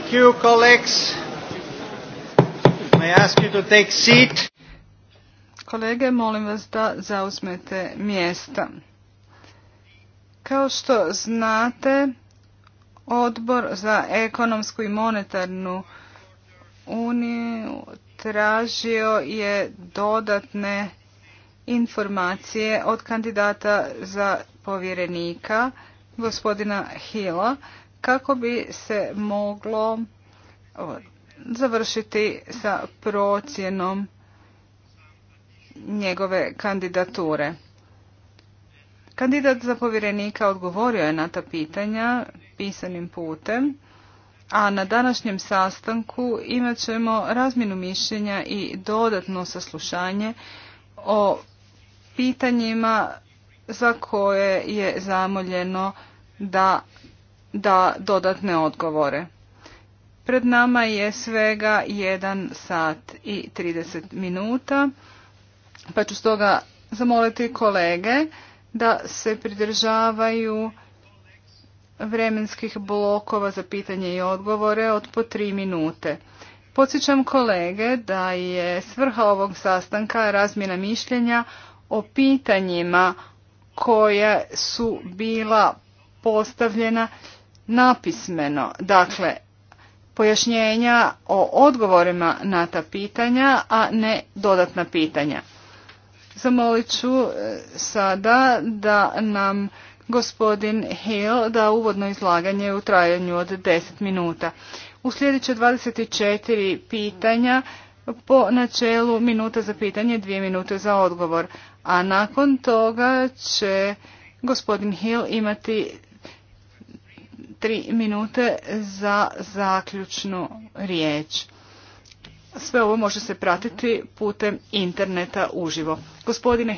Thank May ask you to take seat? Kolege, molim vas da zauzmete mjesta. Kao što znate, Odbor za ekonomsku i monetarnu uniju tražio je dodatne informacije od kandidata za povjerenika, gospodina Hila, kako bi se moglo završiti sa procjenom njegove kandidature. Kandidat za povjerenika odgovorio je na ta pitanja pisanim putem, a na današnjem sastanku imat ćemo razmjenu mišljenja i dodatno saslušanje o pitanjima za koje je zamoljeno da da dodatne odgovore. Pred nama je svega 1 sat i 30 minuta, pa ću stoga zamoliti kolege da se pridržavaju vremenskih blokova za pitanje i odgovore od po tri minute. Podsjećam kolege da je svrha ovog sastanka razmjena mišljenja o pitanjima koja su bila postavljena napismeno. Dakle, pojašnjenja o odgovorima na ta pitanja, a ne dodatna pitanja. Zamolit ću e, sada da nam gospodin Hill da uvodno izlaganje u trajanju od 10 minuta. U sljedeće 24 pitanja po načelu minuta za pitanje, dvije minute za odgovor. A nakon toga će gospodin Hill imati tri minute za zaključnu riječ. Sve ovo može se pratiti putem interneta uživo. Gospodine